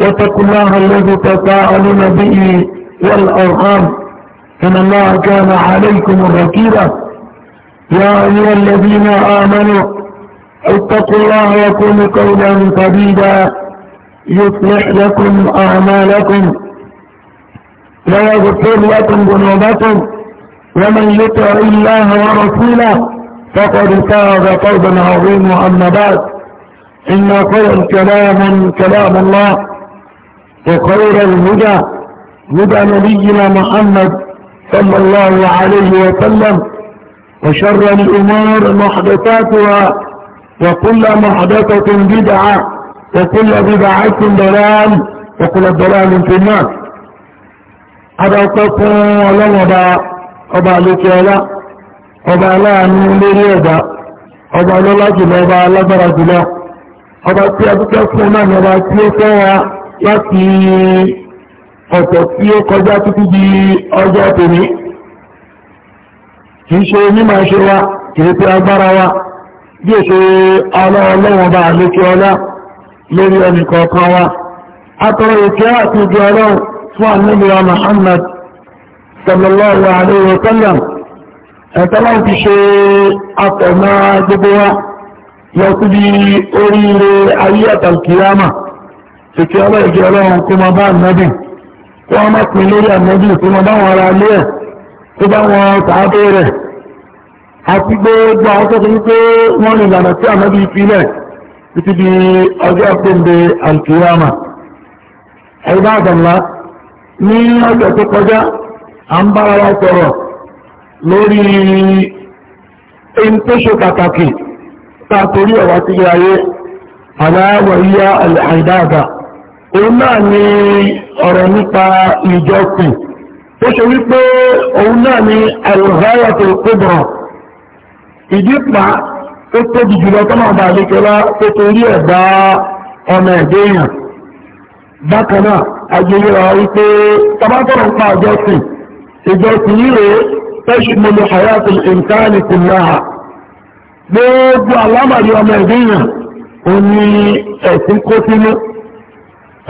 واتقوا الله الذي تساءلون به والأرحام إن الله كان عليكم ركيبا يا أيها الذين آمنوا اتقوا الله وكونوا قولا سديدا يصلح لكم أعمالكم ويغفر لكم ذنوبكم ومن يطع الله ورسوله فقد فاز فوزا عظيما أما بعد إن خير كلام كلام الله وخير الهدى هدى نبينا محمد صلى الله عليه وسلم وشر الأمور محدثاتها وكل محدثة بدعة وكل بدعة ضلال وكل ضلال في الناس هذا تقوى لنبا أبا لكيلا أبا لا نوليدا أبا للا جل أبا لبرا جل أبا تيابك فنان أبا تيابك láti ọ̀tọ̀ tí ó kọjá títí di ọjọ́ tòní kìí ṣe mímọ̀ ṣe wa kìí pé agbára wa bí ó ṣe ọlọ́ọ̀lọ́wọ̀n bá lékè ọlá lórí ẹnì kọ̀ọ̀kan wa atọ́rọ ìkẹ́ àti ìgbé ọlọ́run fún ànílùú Muhammad sallallahu alaihi wa sallam kìkì ọlọ́ọ̀jẹ́ ọlọ́run kó máa bá ànábì kó wọ́n má pin lórí ànábì kó máa bá wọn ara lé ẹ̀ kó bá wọn tààbé rẹ̀ àti gbogbo àwọn tó fi pé wọ́n lè lànà tí ànábì filẹ̀ títí di ọjọ́ àpéǹde alkiyama ẹ̀dá àdàmlá ní ọjọ́ tó kọjá à ń bára wa sọ̀rọ̀ lórí ohun pàtàkì tá a torí ọ̀wá sílé ayé aláwọ̀ yíyá àìdáàdà òun náà ni ọ̀rọ̀ nípa ìjọsìn tó ṣe wípé òun náà ni àlùháyàtò kóbọ̀ ìdípa tó tóbi jùlọ tọ́nà ọba àdékẹ́lá tó torí ẹ̀dá ọmọ ẹ̀dẹ́ èèyàn bákan náà agbèrè wípé tabátọ̀rọ̀ ń pa ìjọsìn ìjọsìn yíre tẹ́ṣù mọ́lẹ̀ àyàtò ìǹkáàlì kùnláà gbogbo alámàrí ọmọ ẹ̀dẹ́ òun ni ẹ̀sìn kó sínú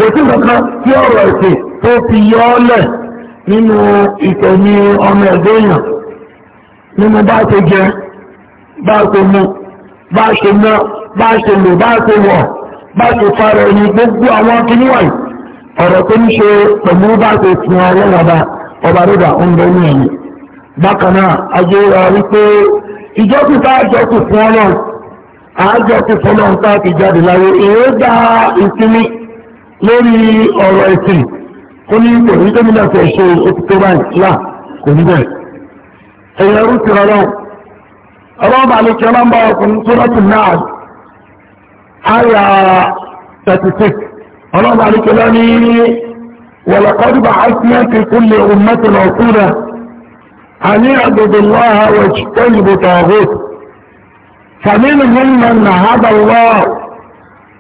kò sí kankan tí ọ̀rọ̀ ẹ̀sìn tó fi yọ ọ́ lẹ̀ nínú ìtẹ̀mí ọmọ ẹ̀dẹ́ èèyàn nínú bá ṣe jẹ bá ṣe mu bá ṣe mọ́ bá ṣe lò bá ṣe wọ̀ bá ṣe fara ẹni gbogbo àwọn akíní wọ̀nyí ọ̀rọ̀ tó ń ṣe pẹ̀lú bá ṣe fi hàn lọ́wọ́ba ọba rírà ń ẹ̀yìn bákan náà ajé wa wípé ìjọ́kù tá a jọ́kù fún ọlọ́run àájọ́kù fún ọlọ́run tá a ti jáde láyé èé dá ìsinmi lórí ọ̀rọ̀ ẹ̀sìn ó ní kò ní tó nílẹ̀ fẹ́ ṣe òtítọ́ báyìí là kò ní bẹ́ẹ̀ ẹ̀yẹ rú ti rọrọ ọlọ́ọ̀bà ló kí ọlọ́mbà ọkùnrin tó rọ́tù náà àyà 36 ọlọ́ọ̀bà ló kí lọ́ní ولقد بعثنا في كل أمة رسولا أن اعبدوا الله واجتنبوا الطاغوت فمنهم من هدى الله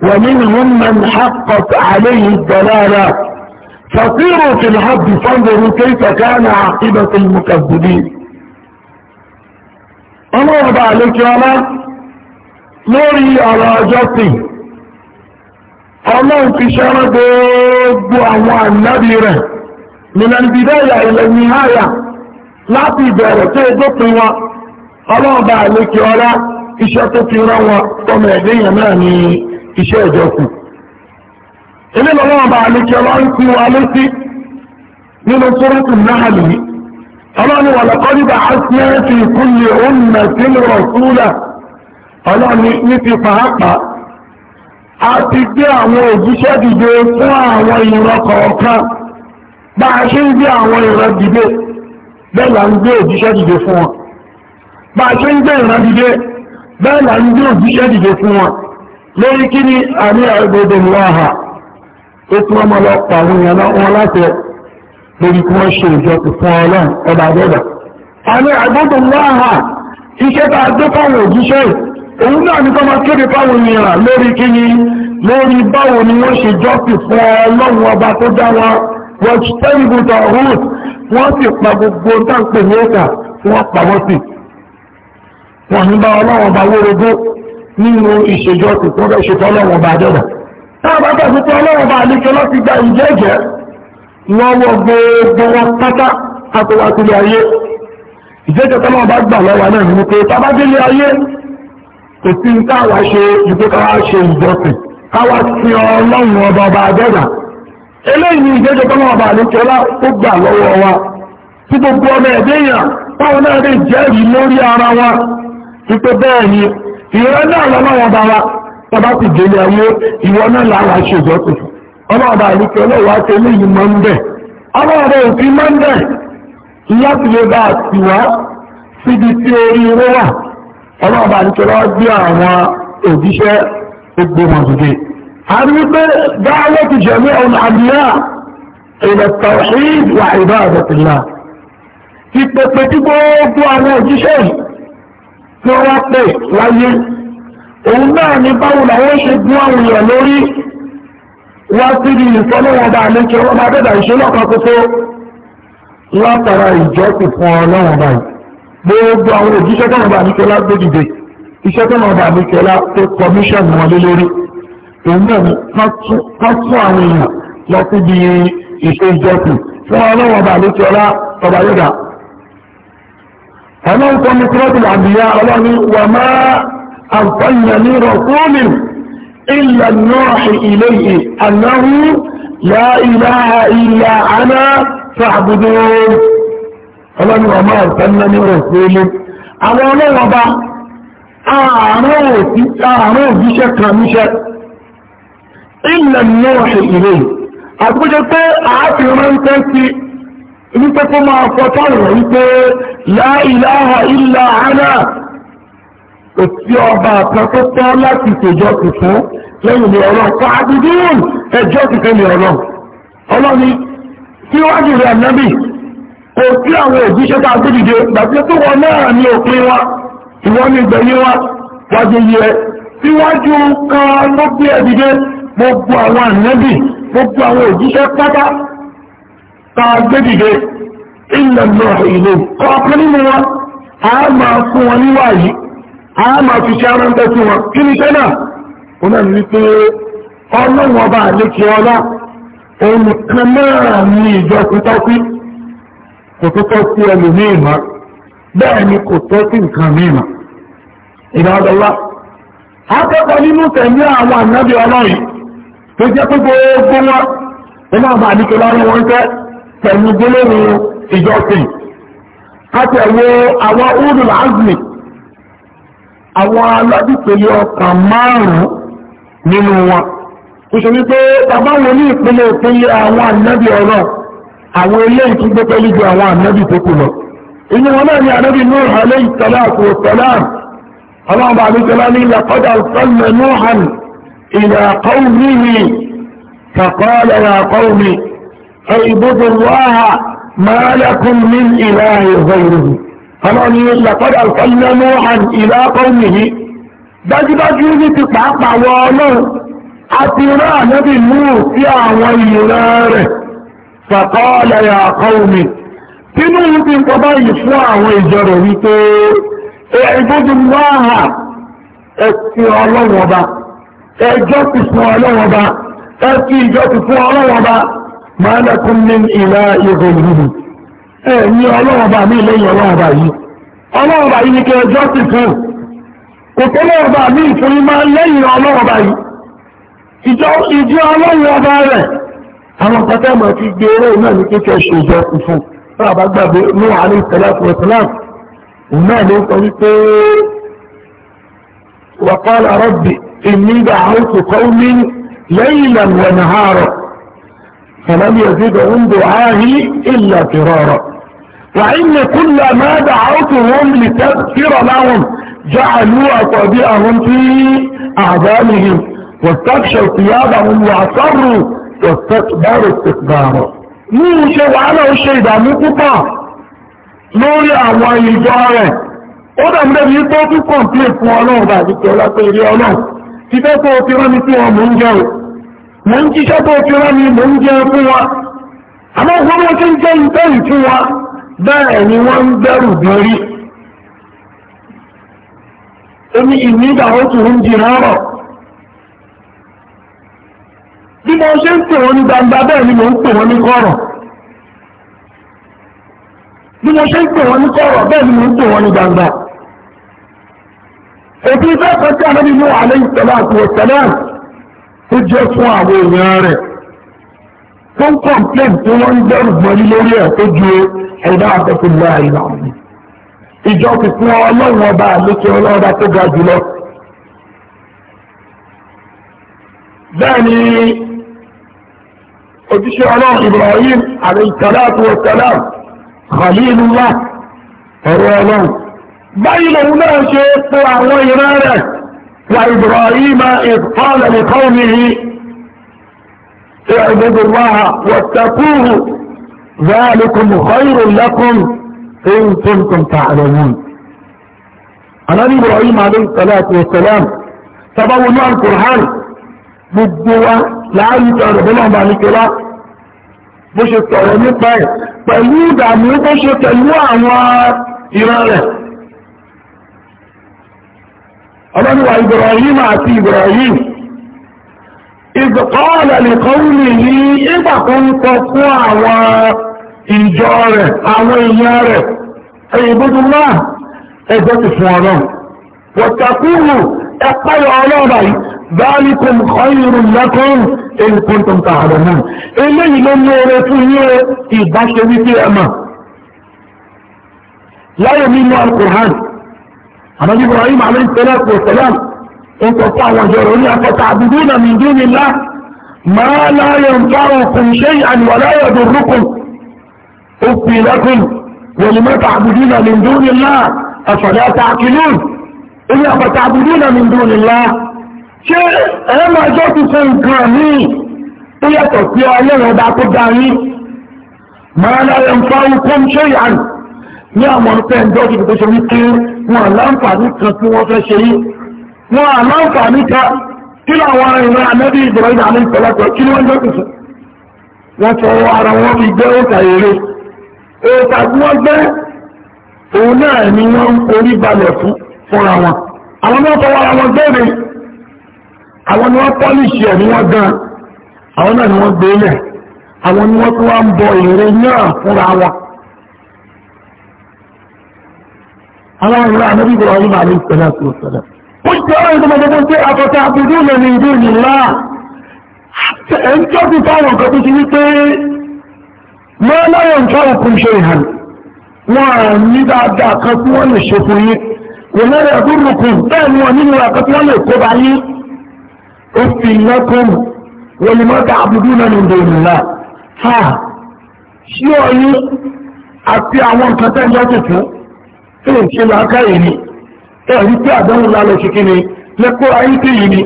ومنهم من حقت عليه الدلالة فطيروا في العبد فانظروا كيف كان عاقبة المكذبين انا وضع عليك يا الله نوري على جاتي الله في شارة دعوة نبيرة من البداية الى النهاية لا في بارتي دطوة الله وضع عليك يا الله اشتفي روى طمع دي ماني iṣẹ́ ìjọsìn ilé lọ́wọ́ bá alẹ́kẹ́ ọlọ́run tí wà létí nínú sọ́rọ̀tù náà lè ọlọ́ni wà lọ́kọ́rí bá asínẹ́ẹ̀tì ìkúnlẹ̀ òmìnà tí ń rọ̀ súlà ọlọ́ni ní ti pàápàá a ti gbé àwọn òjíṣẹ́ dìde fún àwọn ìran kọ̀ọ̀kan bá a ṣe ń gbé àwọn ìran dìde bẹ́ẹ̀ là ń gbé òjíṣẹ́ dìde fún wọn bá a ṣe ń gbé ìran dìde bẹ́ẹ̀ là ń gbé òjíṣẹ́ dìde fún wọn lórí kí ni àní àgbègbè wáhà ó tí wọ́n mọ́ lọ pa àwọn èèyàn wọn láti lórí kí wọ́n ṣe ìjọsìn fún ọlọ́run ọba àgbẹ̀dà àní àgbègbè wáhà iṣẹ́ tá a gbé fáwọn òjíṣẹ́ òun náà ní kọ́mọ kéde fáwọn èèyàn lórí kí ni lórí báwo ni wọ́n ṣe fún ọba tó dá wọn wọ́n ti nínú ìṣèjọ ti tó fẹ́ ṣe tọ́lọ́wọ̀n bá dẹ́dà táwọn bá tẹ̀sí tí ọlọ́wọ̀n bá àlékẹ́ lọ́ti gba ìjẹ́jẹ́ lọ́wọ́ gbogbo wọn pátá àtọwàtúlẹ̀ ayé ìjẹ́jẹ́ tọ́lọ́wọ̀n bá gbà lọ́wọ́ náà ní pé tá bá délé ayé kò sí táwa ṣe ìgbé káwa ṣe ìjọsìn káwa sí ọlọ́run ọba ọba dẹ́dà eléyìí ìjẹ́jẹ́ tọ́lọ́wọ̀n bá ìwọ náà lọ́wọ́ bá wa tọba ti délé ayé ìwọ náà lára ṣèjọ́ tó ọlọ́ọ̀bá àríkẹ́ ọlọ́wà tó léyìn mọ́ ń bẹ̀ ọlọ́ọ̀bá òfin mọ́ ń bẹ̀ láti lè bá àti wá síbi tí orí irú wà ọlọ́ọ̀bá àríkẹ́ lọ́wọ́ gbé àwọn òjíṣẹ́ gbogbo mọ̀tòkè àríwípé dáwọ́ ti jẹ̀mí ọ̀nà àbíyá ìlẹ̀ wà ìbá àbẹ̀tìlá ti pẹ̀pẹ̀ tí gbogbo àwọn òjíṣẹ́ yìí tí wọ́n pè láyé òun náà ni báwo làwọn ṣe gún àwọn èèyàn lórí wá sí ibi ìfọlọ́wọ́n bá àlejò ọlọ́mọ abẹ́dà ìṣẹ́lọ́kan kókó látara ìjọ́sìn fún ọlọ́run báyìí gbogbo àwọn òjíṣẹ́ tó wọn bá àníkẹ́lá gbé dìde iṣẹ́ tó wọn bá àníkẹ́lá tó kọmíṣọ̀nù wọn lé lórí òun náà ni ká tún àwọn èèyàn lọ síbi ìṣe ìjọ́sìn fún ọlọ́run bá àníkẹ́lá tọba yóò dáa ọlọ́run kọ́ ní sọ́ọ̀tì وما أرسلنا من رسول إلا نوحي إليه أنه لا إله إلا أنا فاعبدون فلن وما أرسلنا من رسول أنا لا وضع أعنوه بشك مشك إلا نوحي إليه أقول لك أعطي من تنسي wípé kó máa fọ́tọ́ rẹ̀ wípé láìláha ilá àádá kò sí ọba kan tó tọ́ láti tòjọ tuntun lẹ́yìn ní ọlọ́run pa àdúgbòrùn ẹjọ́ tuntun ní ọlọ́run ọlọ́ni síwájú rẹ̀ nẹ́bì kò sí àwọn òjíṣẹ́ tá tó dìde gbàgbé tó wọn tá a gbé dìde ilẹ̀ ilo ìlú kọ̀ọ̀kan nínú a máa fún wọn níwà a máa fi ṣe aráńtẹ́ sí wọn kí ni sẹ́nà ó náà ní pé ọlọ́run ọba àlékè ọlá òun kan náà ní ìjọ tuntun kò tó tọ́ sí ẹlòmíì mọ́ bẹ́ẹ̀ ni kò tọ́ sí nǹkan ìdádọ́lá akẹ́kọ̀ọ́ nínú tẹ̀lé àwọn ànábì tó jẹ́ pé gbogbo wọn máa wọn pẹ̀lú gbólóhùn ìjọsìn kátẹ̀wé àwọn udul azmi àwọn aládìpele ọkàn márùn-ún nínú wọn kò ṣe wípé bàbá wọn ní ìpínlẹ̀ ìpínlẹ̀ àwọn ànábì ọ̀rọ̀ àwọn ilé ìtúgbé pẹ̀lú ju àwọn ànábì tó kù lọ inú wọn náà ni ànábì Nuh اعبدوا الله ما لكم من اله غيره فلان يقول لقد ارسلنا نوحا الى قومه دجبجي بتقاطع وامر اتراه نبي نوح يا ويلاره فقال يا قوم تنوح بن قبائل اسوا ويجرويته اعبدوا الله اتقوا الله وبا اجتسوا الله وبا اتقوا الله وبا ma lakum min ilahin ghayruhu ẹ̀yìn ọlọ́ọ̀bà mi lẹ́yìn ọlọ́ọ̀bà yìí ọlọ́ọ̀bà yìí ni kí ẹjọ́ sì fún kò tó lọ́ọ̀bà mi ìfúnni máa lẹ́yìn ọlọ́ọ̀bà yìí ìjọ ọlọ́yìn ọba rẹ̀ àwọn pátá máa ti gbé eré náà ní kíkẹ́ ṣe ìjọ fún fún àbá gbàgbé ní àlẹ́ ìtẹ̀lẹ́kùn ìtẹ̀lẹ́kùn òun náà ló sọ wípé wàkọ́lá rọ́bì ìmí dàáhùn kò kọ́ mi lẹ́yìn ìlànà ìwẹ̀nà àárọ̀ فلم يزدهم دعائي إلا فرارا وإن كل ما دعوتهم لتغفر لهم جعلوا أصابعهم في أعدامهم واستكشوا ثيابهم واعتروا واستكبروا استكبارا ní ṣe wàhálà ó ṣe ìdàmú púpọ̀ lórí àwọn ìjọ rẹ̀ ó dàmú lẹ́bí tó tún kọ̀m̀plé fún ọlọ́run bàbí tí ọlá pé ilé ọlọ́run ti fẹ́ tó ti rán ní tí wọ́n mú ń jẹun mò ń jíṣẹ́ tó fi rán mi mò ń jẹun fún wa àmọ́ gbogbo tí ń jẹ́ ìbẹ́rù fún wa bẹ́ẹ̀ ni wọ́n ń bẹ̀rù borí omi ìmídà ó tún ń di rárọ̀ bí mo ṣe ń pè wọ́n ní gbangba bẹ́ẹ̀ ni mo ń pè wọ́n ní kọ̀rọ̀ bí mo ṣe ń pè wọ́n ní kọ̀rọ̀ bẹ́ẹ̀ ni mo ń pè wọ́n ní gbangba òfin fẹ́ kọjá lórí mú àlẹ́ ìsẹ̀lá àti òsẹ̀lá tó jẹ́ fún àwọn èèyàn rẹ̀ tó ń kọ̀m̀plẹ̀n tó wọ́n ń bẹ̀rù mọ́lí lórí ẹ̀ tó ju ẹ̀dá àtẹ̀kùnlé àìlà ọ̀hún ìjọ kìkún ọlọ́run ọba àlékè ọlọ́ọ̀dá tó ga jùlọ bẹ́ẹ̀ ni ojúṣe ọlọ́run Ibrahim àlèkàláàtù wọ̀sálàm Khalilullah ọ̀rọ̀ ọlọ́run báyìí lòun náà ṣe pé àwọn ìran rẹ̀ وإبراهيم إذ قال لقومه اعبدوا الله واتقوه ذلكم خير لكم إن كنتم تعلمون النبي إبراهيم عليه الصلاة والسلام تبوا نوع القرآن بالدواء لعل تعرف لهم عن الكلام مش الصعيدين طيب pẹ̀lú ìdàmú bó ṣe pẹ̀lú àwọn الله وإبراهيم عسي إبراهيم إذ قال لقومه إذا كنت صوى وإنجاره أو أي عبد الله عبد إسرانا وتقول اقل علامة ذلكم خير لكم إن كنتم تعلمون إليه لم يرسل يوم إذا شريك أما لا يمين القرآن النبي ابراهيم عليه الصلاه والسلام انت الصحوه الجرونيه فتعبدون من دون الله ما لا ينفعكم شيئا ولا يضركم افي لكم ولما تعبدون من دون الله افلا تعقلون الا فتعبدون من دون الله شيء اما máa jẹ́ الا fún nǹkan míì tó yàtọ̀ sí ọlọ́run ọba ní àwọn ọ̀pẹ́ ìjọ́jì tó ṣe wípé wọn àláǹfààní kan tí wọ́n fẹ́ ṣe yí wọn àláǹfààní kan kí láwọn ìran àmẹ́bí ìgbẹ̀rẹ̀ àmì ìpẹ̀lẹ́pẹ̀ kí ni wọ́n jẹ́ kùsùn wọ́n sọ ara wọn fi gbé òkà èrè òkà tí wọ́n gbé òun náà ni wọ́n ń orí balẹ̀ fún fúnra wọn àwọn náà fọwọ́ ara wọn gbére àwọn ni wọ́n pọ́lìṣì ẹ̀ ni wọ́n gan àwọn náà ni wọ́n gbé lẹ̀ àwọn ni wọ́n tún wá ń bọ èrè náà fúnra wọn aláàrùn ànábì Ibrahim alayhi salatu wa salam ó jẹ́ ọ̀rọ̀ ìdọ́mọdé pé àtọ́ta àbúrú lè ní ìdí ìlà ẹ̀ ń jọ́ sí fáwọn nǹkan tó ti ní pé máa láwọn nǹkan òkun ṣe ìhàn wọn à ní dáadáa kan tí wọ́n lè ṣe fún tí ó ń ṣe láàká yìí ni ẹ̀rí pé àdánwò lálọ́ ṣe kí ni lẹ́kọ́ ayé tí yìí ni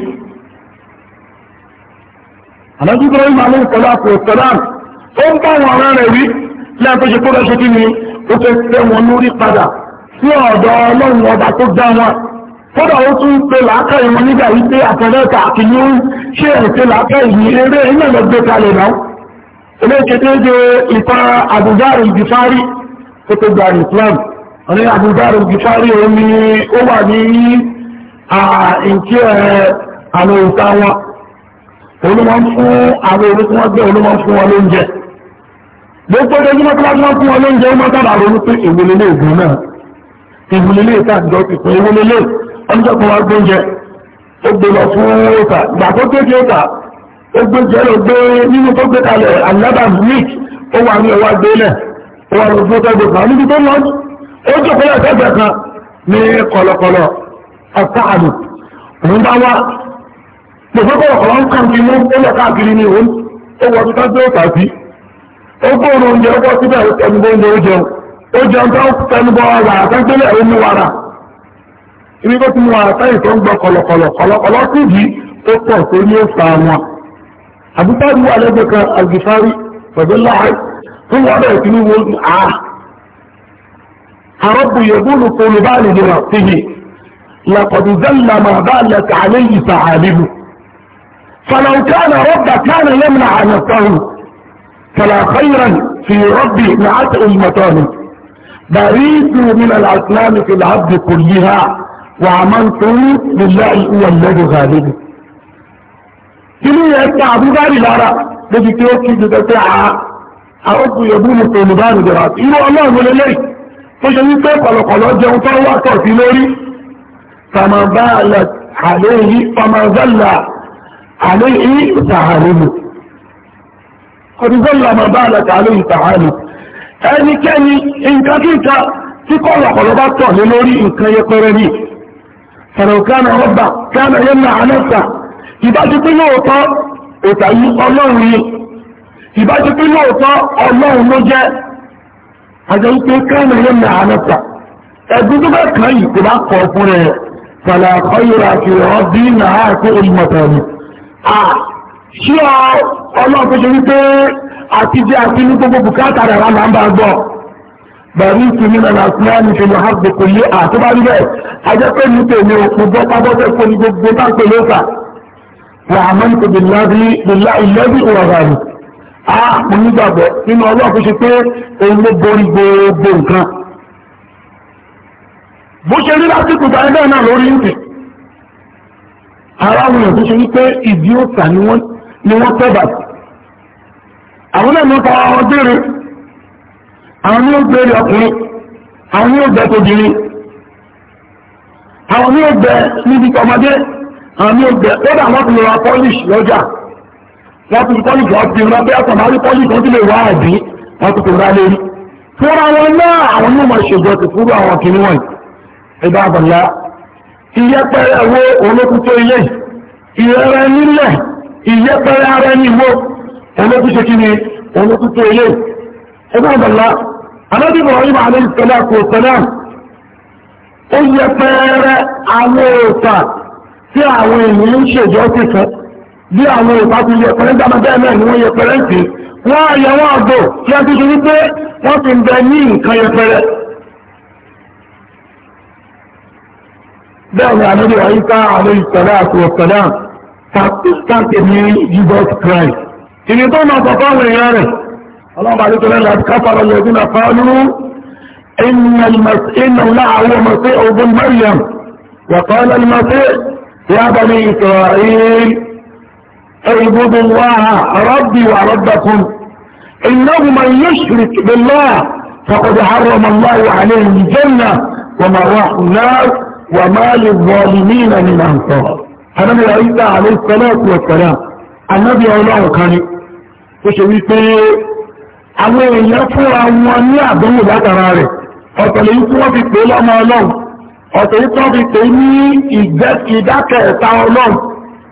àdájú tó rọ́yìn máa pẹ̀lú àpò ìtọ́lán ó ń bá wọn ará rẹ̀ wí lẹ́ẹ̀kọ́ ṣe kóra ṣe kí ni ó fẹ́ fẹ́ wọn lórí padà sí ọ̀dọ̀ ọlọ́run ọba tó dá wọn kódà ó tún pe làákà ìwọn nígbà wípé àtẹ̀lẹ́ta àti ní ó ṣe ẹ̀ṣe làákà ìyìn eré iná lọ gbé kalẹ̀ náà eléyìí kété de ìtàn àbúgbà ìdìfárí tó tó gba Islam ní àbúgbàrù gifari omi ó wà ní àìkíẹ̀ àwọn òta wọn olúmọ́ fún àwọn olókún wọn gbẹ́ olúmọ́ fún wọn lóúnjẹ gbogbo ojúmọ́ tó wájú wọn fún wọn lóúnjẹ ó mọ́tàbà ronú pé ìwòlélé ìgbò náà ìwòlélé ìtàjọ́ ti pín ìwòlélé ọjọ́ kan wá gbóúnjẹ ó gbé lọ fún òta ìgbà tó gbé kí nínú tó gbé kalẹ̀ alábàmù mík ó wà ní ọwá gbélẹ̀ ó wà lọ fún ọjọ́ gbogbo àwọn tó lọ́dún ó jókòó yà sẹ́gbẹ̀ẹ́ kan ní kọ̀lọ̀kọ̀lọ̀ ọ̀tá àdù òun bá wá gbogbo kọ̀lọ̀kọ̀lọ̀ ń kàn kí mú ó káàkiri ní òun ó tó tà sí ó gbóòrò oúnjẹ ó bọ́ síbẹ̀ ó oúnjẹ ó jẹun ó jẹun tó àtẹ́gbẹ́lẹ̀ ó mú ibi tó ti mú táyì tó ń gbọ́ kọ̀lọ̀kọ̀lọ̀ kọ̀lọ̀kọ̀lọ̀ ó pọ̀ tó ní wọn àbúkọ́ الرب يقول طلبان لنفسه لقد ذل ما ذلت عليه ثعالبه فلو كان رب كان يمنع نفسه فلا خيرا في رب نعت المطالب بريد من الاسلام في العبد كلها وعملت لله هو الذي غالبه ilé ẹgbẹ́ àbúgbárì lára lóbi tí ó kí jùdọ̀ pé àwọn ọkùnrin ẹ̀bùn mùsùlùmí bá ń tó ṣe wípé kọ̀lọ̀kọ̀lọ̀ jẹun tó wà tọ̀ sí lórí samabala àléyí famazala àléyí sàárùmù ọdúnzọ́lá mabala àléyí sàárùmù ẹnikẹ́ni nǹkan kíkà tí kọ̀lọ̀kọ̀lọ̀ bá tọ̀ ní lórí nǹkan yẹpẹrẹ ní sàrọ̀kánà ọba kánà yẹnà àjọ wípé kánà yẹn nà ánàtà ẹgbẹ́ tó bá kàn yìí kò bá kọ̀ fún rẹ̀ fàlà àkọ́yọ̀rọ̀ àti ọ̀rọ̀ bí nà á kó olùmọ̀tàlì à ṣí ọ ọlọ́run tó ṣe wípé àti jẹ́ àti ní gbogbo bùkátà rẹ̀ wà máa ń bá gbọ́ bẹ̀rù ìtùnú nà nàìjíríà ní ṣe máa gbé kò lé àtúbá rí bẹ́ẹ̀ ajẹ́ pé ní tèmi òkú bọ́ pábọ́tẹ́ kò ní gbogbo bá pè lóòkà wà á mọ́ ní kò bìlá ilẹ́bí a ah, kò ní gbàgbọ́ nínú ọlọ́run tó ṣe pé òun ló borí gbogbo nǹkan bó ṣe rí lásìkò ìgbà ẹgbẹ́ náà lórí ń tẹ̀ aráwọn èèyàn tó ṣe wípé ìdí òòtà ni wọ́n tẹ́bà àwọn náà ló ta àwọn béèrè àwọn ní ó béèrè ọkùnrin àwọn ní ó bẹ tóbìnrin àwọn ní ó bẹ níbi tọmọdé àwọn ní ó bẹ ó dà lọ polish lọ́jà wọ́n tún kọ́lìkì ọ̀tí wọn bí ọ̀tọ̀ máa rí kọ́lìkì ọ̀tí lè wá àbí wọ́n tún kò rá lérí. fúnra wọn náà àwọn yóò máa ṣèjọ ti fúrú àwọn kìíní wọ̀nyí. ìgbà àbọ̀lá ìyẹ́pẹ̀rẹ̀ wo olókùn tó ilé ìrẹ́rẹ́ nílẹ̀ ìyẹ́pẹ̀rẹ̀ ara ẹni wo olókùn ṣe kí ni olókùn tó ilé. ìgbà àbọ̀lá anábì Ibrahim alayhi salatu wa salam ó yẹpẹ̀rẹ̀ àwọn òòtà tí àwọn ènìyàn ń bí àwọn ìfà ti yẹ pẹ̀lẹ́ dáma bẹ́ẹ̀ náà ni wọ́n yẹ pẹ̀lẹ́ sí wọ́n àyẹ̀wọ́ àgbò tí a ti ṣe wípé wọ́n ti ń bẹ ní nǹkan yẹ pẹ̀lẹ́ bẹ́ẹ̀ ni àdúgbò wáyé ká àwọn àti ọ̀sẹ̀lẹ̀ pàtíkàtì ní Jesus Christ ìní tó máa sọ̀kọ́ àwọn èèyàn rẹ̀ ọlọ́mọ àdúgbò lẹ́nu àti káfàrọ̀ وقال المسيح يا بني إسرائيل اعبدوا الله ربي وربكم انه من يشرك بالله فقد حرم الله عليه الجنة وما راح النار وما للظالمين من انصار فنبي عيسى عليه الصلاة والسلام النبي الله كان وشويته àwọn èèyàn fúnra wọn ní àdánwò látara rẹ̀ ọ̀tọ̀lẹ̀ yìí tí wọ́n fi pè lọ́mọ ọlọ́run ọ̀tọ̀lẹ̀ tí wọ́n fi pè ní ìdákẹ̀ẹ́ta ọlọ́run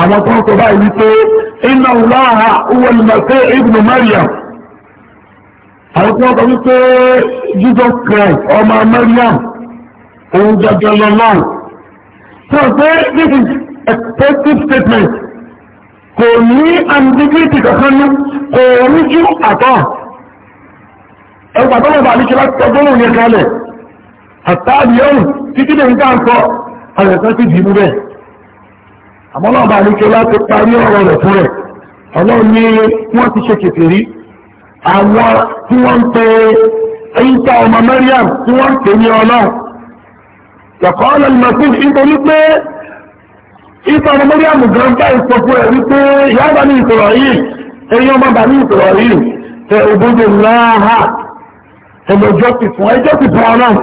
àwọn tó ń sọ báyìí wípé inna Allaha huwa al-Masih ibn Maryam àwọn tó ń sọ wípé Jesus Christ ọmọ Maryam òun jẹjẹ lọ náà tó ń pé this is expected statement kò ní ambiguity kankan ní kò rí jù àtọ́ ẹgbà tó lọ́ba láti tọ́jọ́ lóun yẹ kalẹ̀ àtàbí ẹ̀hùn títí lè ń dá àyẹ̀kọ́ sí dìbú bẹ́ẹ̀ àmọ́ náà bá ní kí ọlá ti parí ọ̀rọ̀ rẹ̀ fún rẹ̀ ọlọ́run ní wọ́n ti ṣe kèfèrí àwọn tí wọ́n ń pe ẹ̀yìntà ọmọ Maryam tí wọ́n ń pè ní ọlọ́run yọ̀kọ́ ọlọ́lùmọ̀kú nítorí pé ìfà ọmọ Maryam gan bá ìsọ fún ẹ̀ wípé ìyá bá ní ìsọ̀rọ̀ yìí ẹ̀yìn ọmọ bá ní ìsọ̀rọ̀ yìí tẹ òbójú láàá ẹlọ́jọ́ ti fún ẹjọ́ ti fún ọlọ́run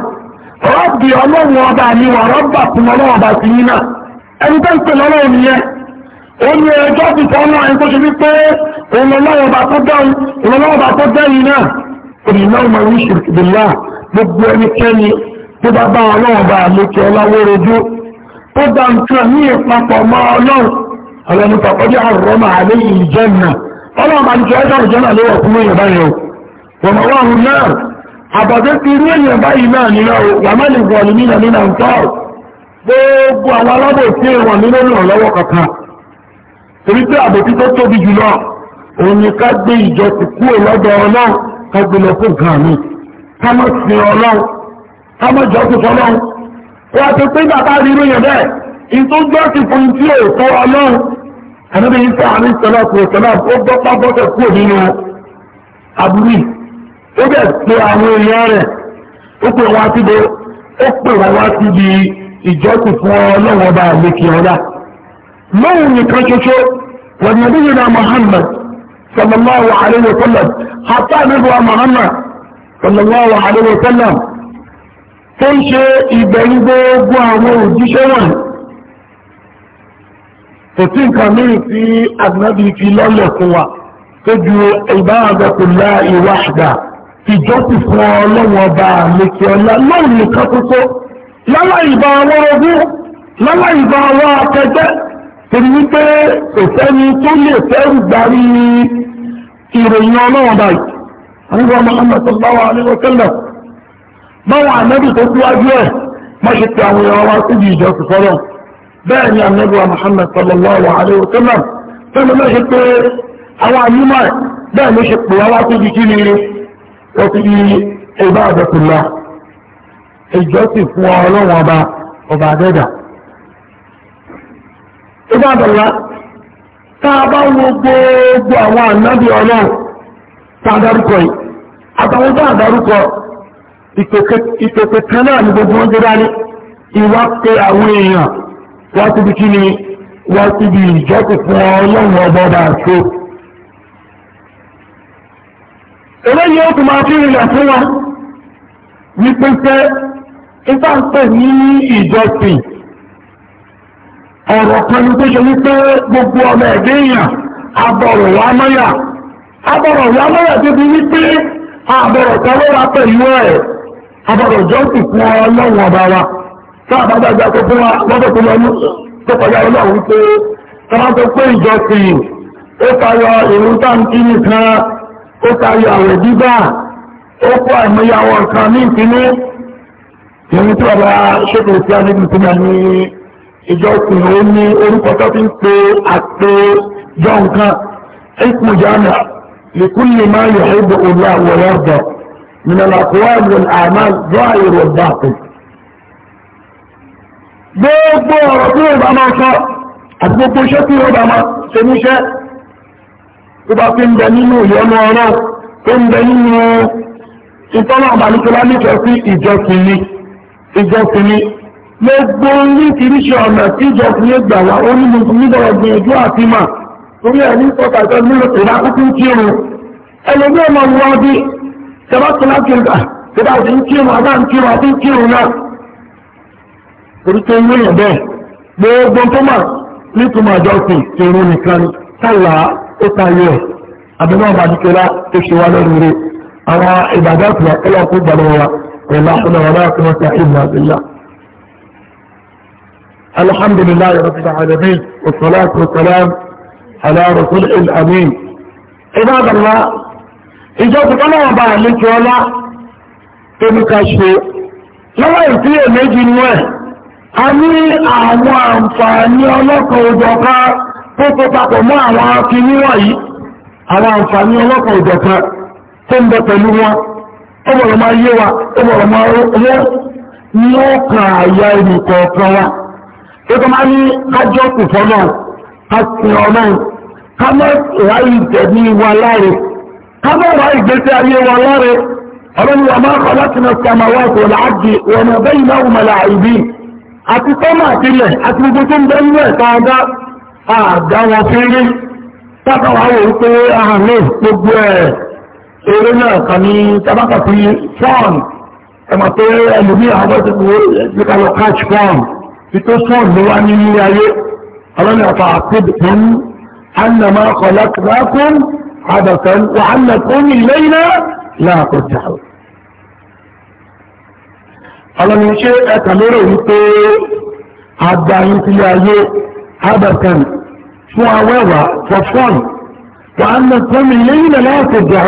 ọlọ́run ọba ni wàrọ́bà fún ọlọ́run ọba ti yín náà ẹni tó ń pè lọ́wọ́ nìyẹn ó ní ẹjọ́ ti tọ́ náà ẹni tó ṣe wípé ìrànlọ́wọ́ba tó dẹ́yìn náà ìrìnlọ́wọ́ wíṣù ìbìlá gbogbo ẹnikẹ́ni tó bá bá ọlọ́wọ́ba àlejò ọláwórojú tó dá nǹkan ní ìpapọ̀ mọ́ ọlọ́run ọlọ́run pàpọ́jú àrùrọ́mà àléyìn ìjẹ́nà ọlọ́run àlejò ẹjọ́ ìjẹ́nà lówọ̀ fún èèyàn báyìí wọ̀n mọ́ wọn náà àbàdé ti rí èèyàn gbogbo àwọn awa ìwọ̀n ní lórí ìrànlọ́wọ́ kankan torí pé àbòsí tó tóbi jùlọ ni ká gbé ìjọ ti kú ọlọ́run ká lọ fún mi ká má sin ọlọ́run ká má jọ sí fọlọ́run ó wá ti bàbá yẹn bẹ́ẹ̀ jọ fún tí ò tọ́ ọlọ́run sọlá ó gbọ́ pábọ́tẹ̀ kú nínú àbúrí ó bẹ̀ pé àwọn èèyàn rẹ̀ ìjọ́sìn fún ọlọ́run ọba àlekè ọlá lóhun nìkan ṣoṣo wà nàbíyìn náà Muhammad sallallahu alayhi wa sallam hatta nígbà Muhammad sallallahu alayhi wa sallam tó ń ṣe ìgbẹ̀yìn gbogbo àwọn òjíṣẹ́ wọn kò sí nǹkan mìíràn tí àgbàbí fi lọ́lẹ̀ fún wa tó ju ìbáradàkùnlá ìwà àgbà ìjọ́sìn fún ọlọ́run ọba àlekè ọlá lóhun nìkan ṣoṣo lọ́lá ìbá àwọn ogún lọ́lá ìbá àwọn akẹgbẹ́ torí wípé kò sẹ́ni tó lè fẹ́rù gbarí ìròyìn ọlọ́run báyìí àríwá Muhammad sallallahu alaihi wa sallam báwọn ànábì tó síwájú ẹ̀ má ṣe pé àwọn èèyàn wa síbi ìjọsìn fọlọ́ bẹ́ẹ̀ ni ànábì wa Muhammad sallallahu alaihi wa sallam tó lè má ṣe pé àwọn àyímọ̀ bẹ́ẹ̀ ló ṣe pè wá wá kí ni wọ́n ti di ìbá àbẹ̀kùnlá ìjọsìn fún ọlọ́run ọba ọba àdẹ́dà ìbádọ̀lá tá a bá wo gbogbo àwọn ànábì ọlọ́run tá a dárúkọ yìí àtàwọn bá a dárúkọ ìpèpè kan náà ní gbogbo wọn jẹ́ dání ìwà pé àwọn èèyàn wá síbi kí ni wá síbi ìjọsìn fún ọlọ́run ọba ọba àṣọ eléyìí ó tún máa fi rìnlẹ̀ fún wa wípé fẹ́ ìta ń pè ní ìjọsìn ọ̀rọ̀ pẹ̀lú tó ṣe wípé gbogbo ọmọ ẹ̀dẹ́ èèyàn abọ̀rọ̀ wá mọ́yà abọ̀rọ̀ wá mọ́yà tó bí wípé àbọ̀rọ̀ tọ́lọ́ra pẹ̀lú ẹ̀ abọ̀rọ̀ jọ́sìn fún ọlọ́run ọba wa tá a bá dájá tó fún wa lọ́dọ̀ tó lọ tó kọjá ọlọ́run wípé tọ́lá tó pé ìjọsìn ó tayọ ìrún táǹkì nìkan ó tayọ àwẹ̀ gbígbà ó kó àìmọye àwọn nǹkan ní ìpínlẹ̀ ìrìn tí ọba ṣètò sí àníbi tí wọ́n ní ìjọ ìsìn ó ní orúkọ tó fi ń pe àpè jọ nǹkan ismu jana likulli ma yuhibbu Allah wa yarda min al-aqwal wal a'mal zahir wal batin gbogbo ọ̀rọ̀ tí ó bá máa sọ àti gbogbo iṣẹ́ tí ó bá máa ṣe níṣẹ́ tó bá fi ń bẹ nínú ìyọnu ọ̀rọ̀ tó ń bẹ nínú ìtọ́nà àbálùkọ́lá nífẹ̀ẹ́ sí ìjọsìn ni ìjọsìn ni gbogbo oríṣiríṣi ọ̀nà tí ìjọsìn ní gbà wá ó nínú nígbàwọ̀ gbìyànjú àti mà torí ẹ̀ ní sọ́kàtọ̀ nílò ìdákùnkù kírun ẹlòmí ọmọ wọn bí tẹbátọ́lá kìrìkà tẹbá ti ń kírun àbá ń kírun àti ń kírun náà torí pé ní ẹ̀ bẹ́ẹ̀ gbogbo tó mà nítumọ̀ ìjọsìn kírun nìkan sálà ó tayọ ẹ̀ àbẹ̀mọ́ àbàdìkẹ́lá tó ṣe wá lọ́rùn rẹ̀ àwọn ìbàdàn àti ọlọ́kùn gbàlọ́wọ́ wa ولا حول ولا قوه الا بالله الحمد لله رب العالمين والصلاه والسلام على رسول الامين عباد الله اجاب انا ما بعلمك ولا تمكشف لو يصير نجم نوع اني اعلم انفاني الله وجوكا تتطاق مع وعي. أنا اعلم انفاني الله وجوكا تنبت نوع ó bọ̀rọ̀ máa yé wa ó bọ̀rọ̀ máa rọ́ ní ó kà àyà ẹnì kọ̀ọ̀kan wa ó tó máa ní kájọ́ kù fọ́nà kásìn ọ̀nà ká má ráyè ìtẹ̀mí wa láre ká má ráyè ìgbésí ayé wa láre ọlọ́run wa máa kọ́ láti eré náà kan ní tabaka fi fọ́ọ̀n ẹmọ̀ pé ẹlùmí àwọn ìgbékalọ̀ catch fọ́ọ̀n fi tó fọ́ọ̀n ló wá ní ilé ayé ọlọ́ni àfà àkóbùkún annama kọlákùnákún adàkan wà annakún ilé iná láàkọjá ọlọ́ni ṣe ẹ̀kà lérò wípé àgbáyín sílé ayé adàkan fún awẹ́wà for fun wà annakún ilé iná láàkọjá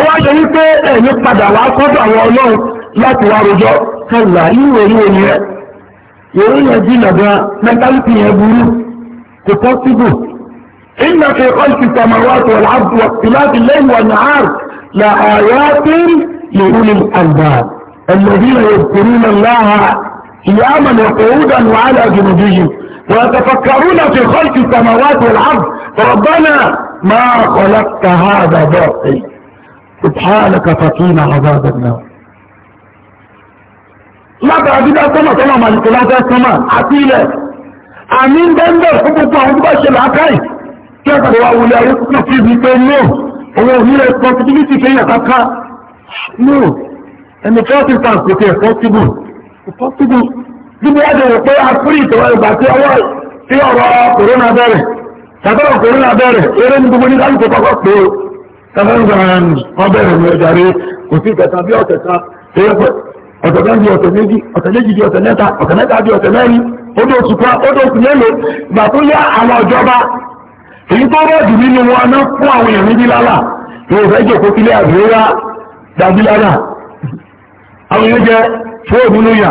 ó wá ṣe wípé ẹ̀mí padà wá sọ́dọ̀ àwọn ọlọ́run láti wá rojọ́ kẹlà ìwé ìwé ni ẹ ìwé yẹn bí nàbà mẹtálítì yẹn burú kò pọ́síbù إن في خلق السماوات والعرض واختلاف الليل والنهار لآيات لأولي الألباب الذين يذكرون الله قياما وقعودا وعلى جنوبهم ويتفكرون في خلق السماوات والعرض ربنا ما خلقت هذا باطل سبحانك فقينا عذاب النار lábàá dídá sọ́mà sọ́mà màlìkì lábẹ́ sọ́mà àti ilẹ̀ àmì ń bẹ́ńbẹ̀ fún gbogbo àwọn tó bá ṣe làákàì kí ẹ̀kọ́ wa wulẹ̀ ayé kúrò sí ibi pé no owó ní responsibility fi yàn káká no and the first instance kò tiẹ̀ possible kò possible níbi wájú rẹ̀ pé àfúrí ìtọ́wọ́ ìgbà tí ọwọ́ tí ọ̀rọ̀ corona bẹ̀rẹ̀ tàbí ọ̀rọ̀ corona bẹ̀rẹ̀ eré ní gbogbo ní kálukú kọ́kọ́ pé o tàbíwọ̀n wọ́n bẹ̀rẹ̀ mú ẹjàre kò sí ìkẹta bí ọ̀tẹ̀ ta tẹ́lẹ̀pẹ̀ ọ̀tẹ̀ kan bí ọ̀tẹ̀ méjì ọ̀tẹ̀ méjì bí ọ̀tẹ̀ mẹ́ta ọ̀tẹ̀ mẹ́ta bí ọ̀tẹ̀ mẹ́rin odò oṣù kan odò oṣù mélòó gbà tó yá àwọn ìjọba èyí tó rọ̀jù nínú wọn ná fún àwọn èèyàn méjì lálà yóò fẹ́ jòkó sílé àbúrẹ́yà dàbí lálà àwọn èèyàn jẹ fóònù lóyà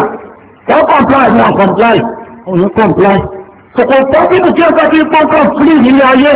wọ́n comply wọn comply wọ́n comply kòkò pọ́sibù kí ẹ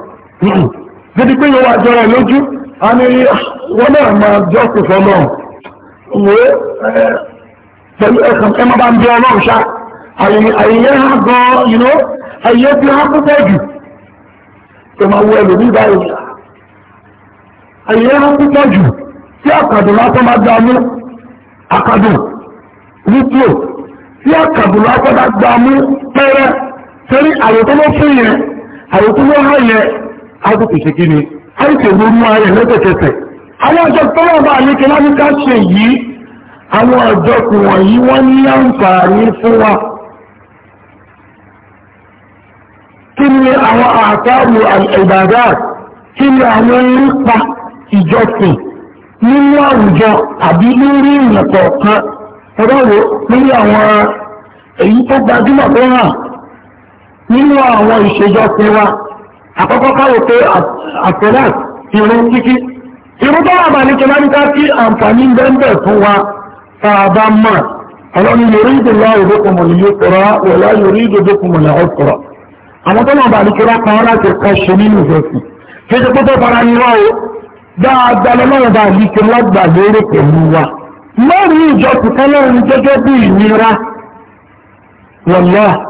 títí pé yóò lójú a ní ah, wọ́n náà máa jọ́ kò sọ́nà wo pẹ̀lú bá ń bí ṣá ha gan ha púpọ̀ jù tó wọ báyìí ha púpọ̀ jù tí mú tí mú pẹ́rẹ́ fún yẹn ájò kò ṣe kí ni ájò kò àwọn ọjọ́ tó bá ní kíláàmù ṣe yìí àwọn ọjọ́ kù wọ̀nyí wọ́n ní àǹfààní fún wa kí ni àwọn àtàrù ìbàdà kí ni àwọn nípa ìjọsìn nínú àwùjọ àbí lórí àwọn èyí tó gbajúmọ̀ tó hàn nínú àkọ́kọ́ káwò pé àtẹ́lá ìrún kíkí ìrún tó wà ní kìláríkà kí àǹfààní bẹ́ẹ̀ fún wa tààbá mọ́ ọlọ́ni yorí ìdòlá òdókùnmọ̀ ní yókùnrọ̀ wọ̀lá yorí ìdòdókùnmọ̀ ní ọkùnrọ̀ àwọn tó wà ní kìlá kan láti kọ́ ṣe nínú ìfẹ́sìn kí ṣe pé tó fara ní wá wọ̀lá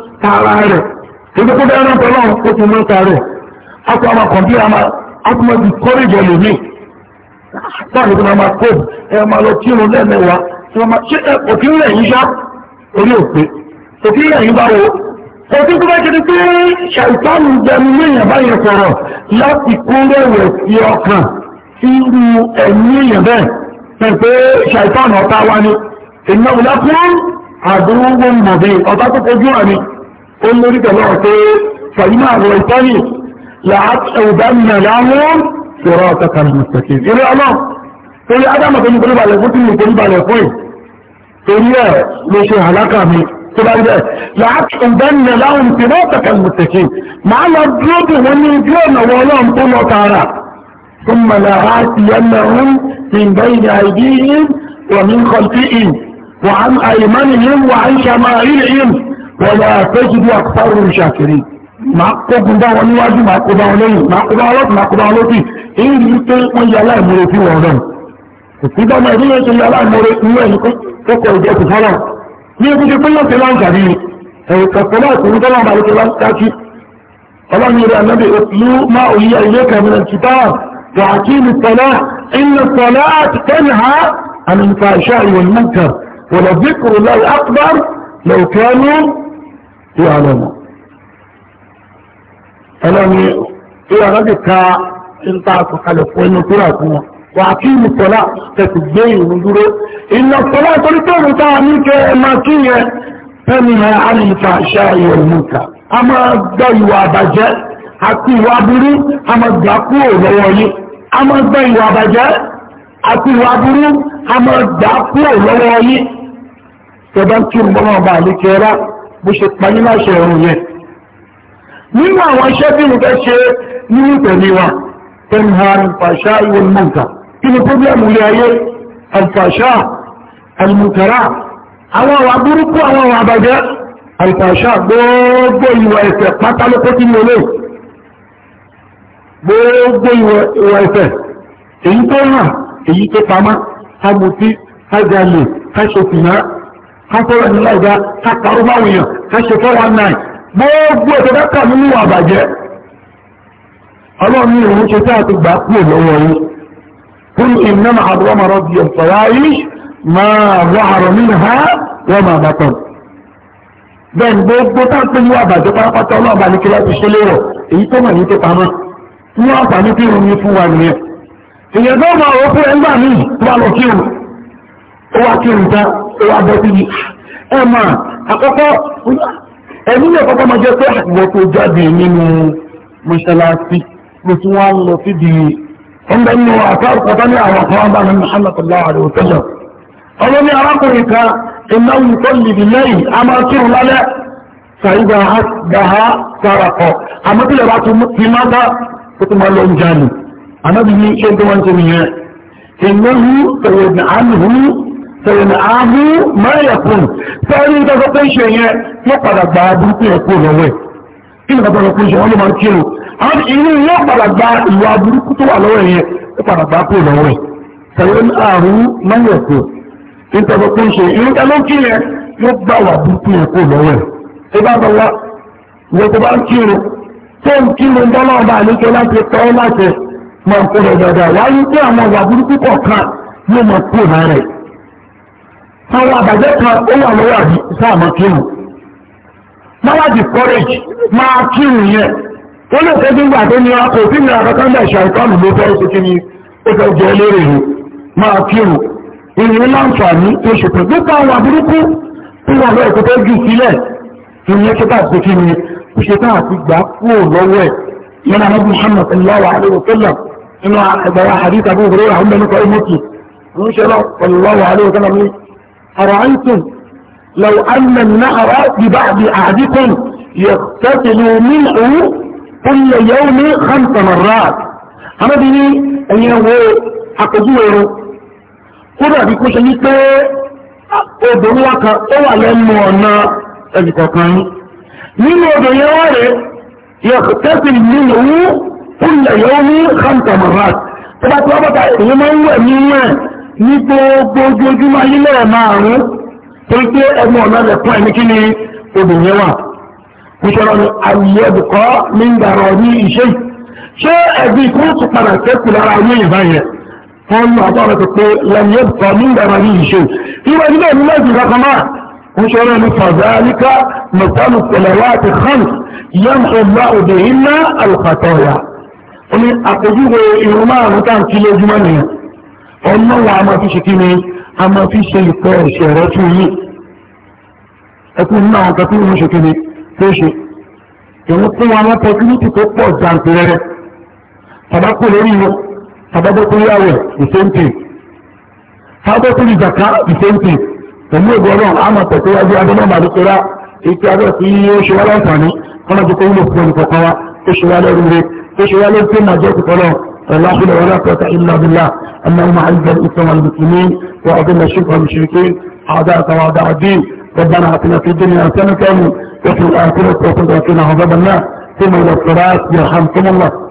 tààrà rẹ̀ èdè kó dáná tọ́lọ́ ó ti mọ́ tààrẹ̀ àti àwọn kọ̀ǹdí àmà àti mọ́ ti kọ́rẹ́jì ẹlòmíì sáàrì tó máa kó ẹ máa lọ kírun lẹ́ẹ̀mẹ́wàá tí wọ́n máa ṣe òfin rẹ̀ yín ṣá orí òpè òfin rẹ̀ yín bá wo òfin tó bá pé ṣàìtánù gbẹmí léèyàn báyẹn sọ̀rọ̀ láti kó rẹ̀wẹ̀ sí ọkàn irú ẹ̀mí èèyàn bẹ́ẹ̀ pẹ̀ pé ṣàìtánù ọ̀tá wa ni ìnáwó lápẹ́ àdúró ọ̀tá tó kojú àmì قل لي رجل اعطيه فإما أغويتني لعد أودن لهم صراطك المستكين إلي الله قل يا أدامة إن قريب علي قلت إن قريب علي قوي قل يا ليش هلاك أمي قل يا إذا لعد أودن لهم صراطك المستقيم مع الأرض ونجون ولهم طول وطارا ثم لا يأتينهم من بين أيديهم ومن خلفهم وعن أيمانهم وعن شمائلهم ولا تجد أكثرهم شاكرين máa kógun bá wọn níwájú máa kó bá wọn lẹ́yìn máa kó bá wọn lọ́tún máa kó bá wọn lókè èyí ni pé wọ́n yẹ aláìmoore sí wọn náà òfin bá máa ìdílé ṣe yẹ aláìmoore inú ẹni tó kọ ìjọ kò fọ́nà ní ebi ṣe pé yóò fi láǹkà ní ẹ̀rù kẹfẹ́ náà kò ní tọ́lá ń balẹ̀ ṣe láǹkà kí ọlọ́run rẹ̀ anábì òfin máa òyí ilé kẹmìnà kìtà وعقيم الصلاة إن الصلاة تنهى عن الفحشاء والمنكر ولذكر الله أكبر لو كانوا tí wà lọ́nà ọlọ́ni tí wà lọ́dẹ̀ ká ń ta àkọkalẹ̀ fún inú kúrò fún wọn wà kí ní tọ́lá tẹ̀kù gbé ìrùn dúró iná tọ́lá torí pé òun táà ní kẹ ẹmà kí yẹ fẹ́mi ẹ àlìkà àṣà ìwọ̀ ìmúta a máa gbọ́ ìwà àbàjẹ́ àti ìwà burú a máa gbà kúrò lọ́wọ́ yìí a máa gbọ́ ìwà àbàjẹ́ àti ìwà burú a máa gbà kúrò lọ́wọ́ yìí tẹ̀bá kí n bọ́ bó ṣe pa yín láṣẹ ẹ̀rùn yẹn nínú àwọn iṣẹ́ bí mo fẹ́ ṣe ní ìtẹ̀lé wa tẹnuhan fàṣà ìwọ̀n mọ̀ǹkà kí ni pọ́blẹ́mù ilé ayé alfàṣà almùkàrà àwọn àwọn burúkú àwọn àwọn àbàjẹ́ alfàṣà gbogbo ìwà ẹ̀ṣẹ̀ pátá ló gbogbo ìwà ẹ̀ṣẹ̀ èyí tó hàn èyí tó pamọ́ ká mutí ká jalè kásọ̀rọ̀ ní láìdá kákàrọ̀ máa wèèyàn káṣe 419 gbogbo ètò dákà nínú àbàjẹ́ ọlọ́run ní òun ṣe tí a ti gbà kúrò lọ́wọ́ yìí fún ìnáma àbúrọ̀mọ̀rọ̀ bí ọ̀pọ̀lá yìí máa wàhàrọ̀ nínú ha wọ́n máa bàtọ̀ ó wá bọ́ síbi ẹ mà àkọ́kọ́ ẹ̀mí yẹn kọ́kọ́ máa jẹ́ pé àtìwọ́ tó jáde nínú mọ́ṣáláṣí ló tún wá ń lọ síbi ọ̀ndà nínú àtàkọ́tà ní àwọn kan bá ní Muhammad sallallahu alaihi wa sallam ọmọ ní arákùnrin kan iná ń tọ́ lìdí lẹ́yìn a máa kírun lálẹ́ sàyídà dáhà sárakọ̀ àmọ́ tí lè bá ti máa bá tó tún tó máa ń ṣe nìyẹn ìnáwó tẹ̀wẹ̀ sẹ̀yìn ààbú mẹ́rẹ̀kùn sẹ́rí ìtọ́sọ́ pé ṣe yẹn yóò padà gba abúrúkú ẹ̀kọ́ lọ́wọ́ ẹ̀ kí ni pàtàkì pé ṣe wọ́n ló máa kí o àti inú yóò padà gba ìwà abúrúkú tó wà lọ́wọ́ yẹn yóò padà gba kó lọ́wọ́ ẹ̀ sẹ́yìn ààrú mẹ́rẹ̀kùn ìtọ́sọ́ pé ṣe yẹn yóò gba wà abúrúkú ẹ̀kọ́ lọ́wọ́ àwọn àbàjẹ́ kan ó wà lọ́wọ́ àbí sáàmà kírun máa di máa kírun yẹn ó lè fẹ́ bí ní ọkọ̀ òbí ní ló fẹ́ ṣe kí ni ó fẹ́ jẹ rẹ̀ máa ìrìn láǹfààní tó ṣe nípa àwọn àbúrúkú tó wà lọ́wọ́ ìkọ́kọ́ jù sílẹ̀ ìyẹn ụlọ ṣe أرأيتم لو أن النهر ببعض أعدكم يقتتل منه كل يوم خمس مرات أما بني أن يهو حق زوره كنا بكوش لك أدروك أو ألم وأنا أجتكاني من هذا يقتتل منه كل يوم خمس مرات تبقى تبقى تبقى تبقى تبقى ní gbogbo ojoojúmọ́ ayé lẹ́ẹ̀ márùn-ún tó ń pé ẹnu ọ̀nà rẹ̀ fún ẹni kí ni obìnrin wà nítorí ọ̀nà àyè ẹ̀dùkọ́ ní ń dàrọ̀ ní iṣẹ́ yìí ṣé ẹ̀bí kó tún padà sẹ́kù lára ayé yìí báyẹn wọ́n ń lọ àbọ̀rọ̀ tó pé lẹ́nu ẹ̀dùkọ́ ní ń dàrọ̀ ní iṣẹ́ yìí ìwé nílẹ̀ ní lẹ́sìn kankan náà nítorí ọ̀nà fàdáríkà ní àpèjúwe ìrùn márùn ọlọ́wọ́ a máa fi ṣe kí ni a máa fi ṣe ìpẹ́ ẹ̀ṣẹ̀ rẹ tún yìí ẹkùn nínú àwọn kan tí wọ́n ṣe kí ni tó ṣe ìwọ́n fún wa wọ́n tẹkíníkì tó pọ̀ jàǹtìrẹrẹ tàbákò lórí wọn tàbábọ́kú yàwẹ̀ ìsẹ́ǹtì tàbábọ́kú ìjàká ìsẹ́ǹtì pẹ̀lú ìgbọ́rọ̀ àmà tẹ̀síwájú adọ́nàmà àdúgbòrá ètò abẹ́ sí ó ṣe wá láǹfààní kọ́nà tó ṣe wá lẹ́rú rẹ̀ ولا حول ولا قوة إلا بالله اللهم أعز الإسلام والمسلمين وأضل الشرك والمشركين أعداءك وأعداء الدين ربنا آتنا في الدنيا حسنة وفي الآخرة الآخرة عذاب النار ثم إلى الصلاة يرحمكم الله